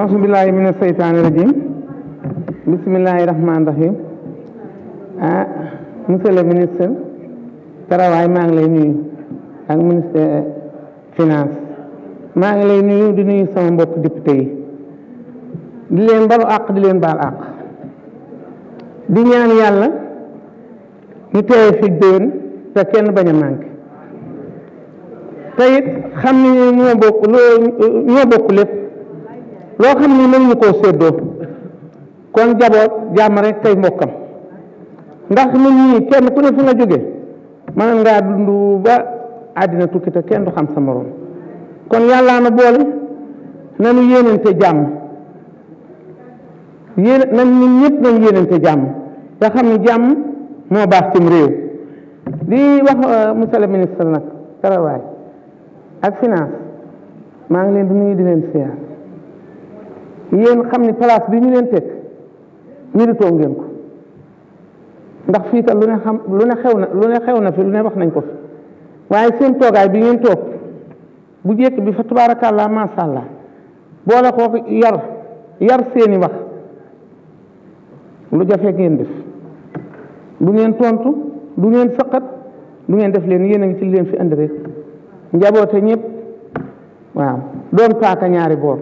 auzu billaahi mina seytaani rajiim bismillaahi rahmaani rahiim ah monsieur le ministre Karawaay maa ngi lay nuyu ak ministre finance maa ngi lay nuyu di nuyu sama mbokk député yi di leen balu àq di leen baal àq di ñaan yàlla ñu teewe fi déen te kenn bañ a manqué te it xam ni ñoo bokk loo ñoo bokk lépp loo xam ni mënuñu koo séddoo kon jaboot jàmm rek tey mbokkam ndax nit ñi kenn ku ne fu nga jóge mën ngaa dund ba àddina tukki te kenn du xam sa morom kon yàllaa na boole nanu yéenante jàmm yéen nan ñun ñëpp nañ yéenante jàmm te xam ni jàmm moo baax cim réew di wax euh, monsieur le ministre nag karawaay ak finance maa ngi leen di nuyu di leen yéen xam ni place bi ñu leen teg méritoo ngeen ko ndax fii kat lu ne xam lu ne xew na lu xew na fi lu ne wax nañ ko fi waaye seen toogaay bi ngeen toog bu jekk bi fa tubaarakàllaa macha allah boole ko yar yar seeni wax lu jafe ngeen def du ngeen tontu du ngeen sëqat du ngeen def leen yéen a ngi ci leen fi indi rek njaboote ñépp waaw doon paaka ñaari boor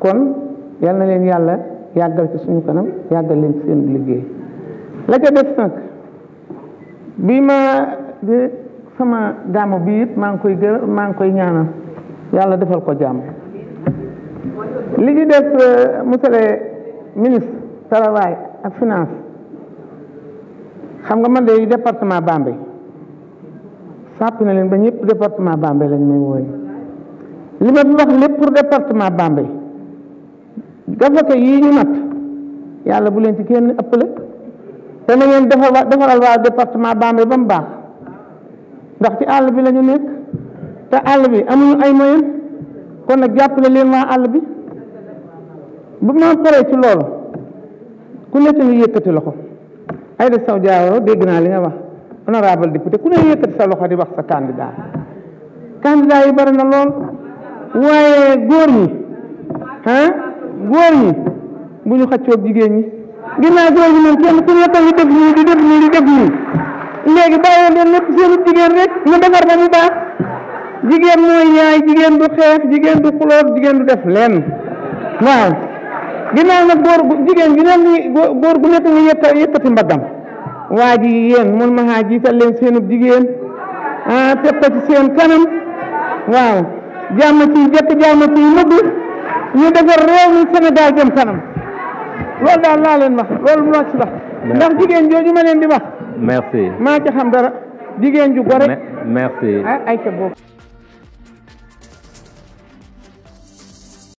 kon yal na leen yàlla yàggal ci suñu kanam yàggal leen ci seen liggéey la ca des nag bi ma sama gàmmu bi it maa ngi koy gë maa ngi koy ñaanal yàlla defal ko jàmm li ñu def euh, monsieur le ministre travail ak finance xam nga man de département Bambey sàpp na leen ba ñëpp département Bambey lañ may wooy li ma fi wax lépp pour département Bambey gafaka yii ñu natt yàlla bu leen ci kenn ëppale te na ngeen defar defaral waa département Bambey ba mu baax ndax ci àll bi la ñu nekk te àll bi amuñu ay moyen kon nag jàppale leen waa àll bi bu ma paree ci loolu ku nekk ñu yëkkati loxo ay de saw jaawaro dégg naa li nga wax honorable député ku ne yëkkati sa loxo di wax sa candidat candidat yi bari na lool waaye góor ñi ah, góor ñi bu ñu xëccoog jigéen ñi ginnaaw góor ñi moom kenn ku nekk ngi def nii di def nii di def nii léegi bàyyi leen lépp seenu jigéen rek ñu defar ba mu baax jigéen mooy yaay jigéen du xeex jigéen du xulóog jigéen du def leen waaw ginnaaw nag góor jigéen gi leen di góor gu nekk ngi yetta yettati mbaggam waa ji yéen mun ma xaa jiital leen seenub jigéen ah teg ko ci seen kanam waaw jàmm ci jekk jàmm ci mëgg ñu defar réew mi Sénégal jëm kanam loolu daal laa leen wax loolu mu wax la ndax jigéen jooju ma leen di wax merci maa ci xam dara jigéen ju gore merci ah, ay ca